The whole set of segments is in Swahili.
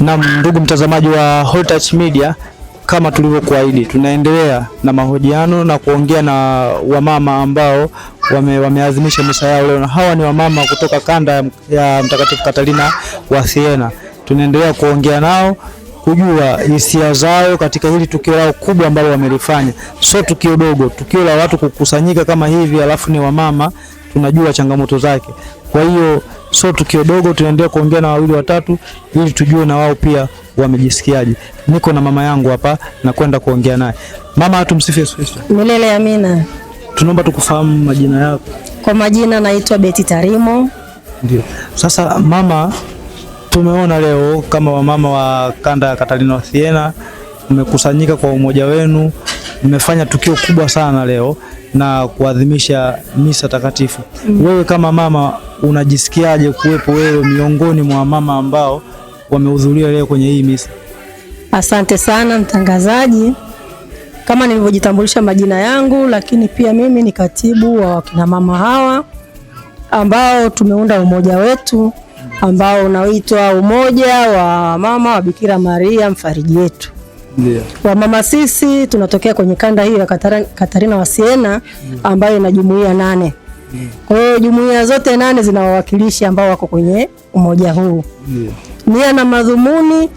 Naam, ndugu mtazamaji wa Hot Touch Media, kama tulivyokuahidi, tunaendelea na mahojiano na kuongea na wamama ambao wame, wameazimisha misa yao leo, na hawa ni wamama kutoka kanda ya Mtakatifu Katarina wa Siena. Tunaendelea kuongea nao kujua hisia zao katika hili tukio lao kubwa ambalo wamelifanya. Sio tukio dogo, tukio la watu kukusanyika kama hivi, alafu ni wamama, tunajua changamoto zake. Kwa hiyo so tukio dogo, tunaendelea kuongea na wawili watatu, ili tujue na wao pia wamejisikiaje. Niko na mama yangu hapa na kwenda kuongea naye. Mama, tumsifu Yesu Kristo. Milele amina. Tunaomba tukufahamu majina yako. Kwa majina naitwa Beti Tarimo. Ndio. Sasa mama, tumeona leo kama wamama wa kanda ya Katalino wa Siena mmekusanyika kwa umoja wenu, mmefanya tukio kubwa sana leo na kuadhimisha misa takatifu. Mm. Wewe kama mama unajisikiaje kuwepo wewe miongoni mwa mama ambao wamehudhuria leo kwenye hii misa? Asante sana mtangazaji. Kama nilivyojitambulisha majina yangu, lakini pia mimi ni katibu wa wakinamama hawa ambao tumeunda umoja wetu ambao unaitwa Umoja wa Mama wa Bikira Maria Mfariji Wetu. Yeah. Wamama sisi tunatokea kwenye kanda hiyo ya Katarina wa Siena mm. ambayo ina jumuiya nane. Kwa hiyo Jumuiya zote nane zina wawakilishi ambao wako kwenye umoja huu yeah. na madhumuni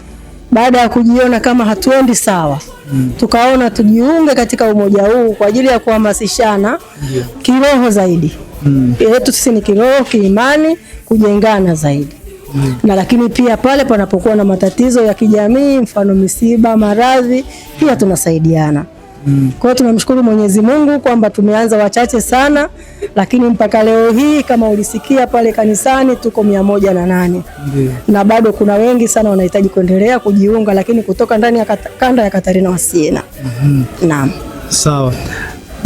baada ya kujiona kama hatuendi sawa mm. tukaona tujiunge katika umoja huu kwa ajili ya kuhamasishana yeah. kiroho zaidi mm. yetu sisi ni kiroho, kiimani, kujengana zaidi mm. na lakini pia pale panapokuwa na matatizo ya kijamii, mfano misiba, maradhi, pia tunasaidiana. Mm. Kwa hiyo tunamshukuru Mwenyezi Mungu kwamba tumeanza wachache sana, lakini mpaka leo hii kama ulisikia pale kanisani tuko mia moja na nane. Na bado kuna wengi sana wanahitaji kuendelea kujiunga, lakini kutoka ndani ya kanda ya Katarina wa Siena. Mm -hmm. Naam. Sawa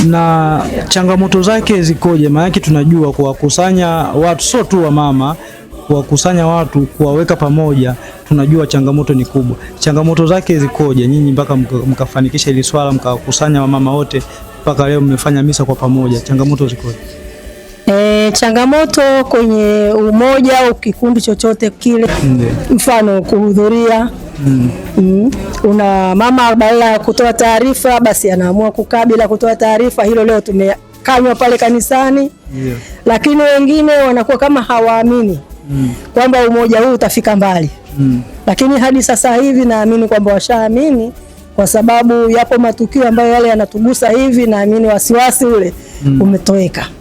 na changamoto zake zikoje? Maanake tunajua kuwakusanya watu sio tu wa mama kuwakusanya watu, kuwaweka pamoja, tunajua changamoto ni kubwa. Changamoto zake zikoje nyinyi mpaka mkafanikisha hili swala, mkawakusanya wamama wote mpaka leo mmefanya misa kwa pamoja, changamoto zikoje? E, changamoto kwenye umoja au kikundi chochote kile, mfano kuhudhuria Mm. Mm. Una mama badala ya kutoa taarifa basi anaamua kukaa bila kutoa taarifa. Hilo leo tumekanywa pale kanisani, yeah. Lakini wengine wanakuwa kama hawaamini mm. kwamba umoja huu utafika mbali mm. Lakini hadi sasa hivi naamini kwamba washaamini, kwa sababu yapo matukio ambayo yale yanatugusa hivi, naamini wasiwasi ule mm. umetoweka.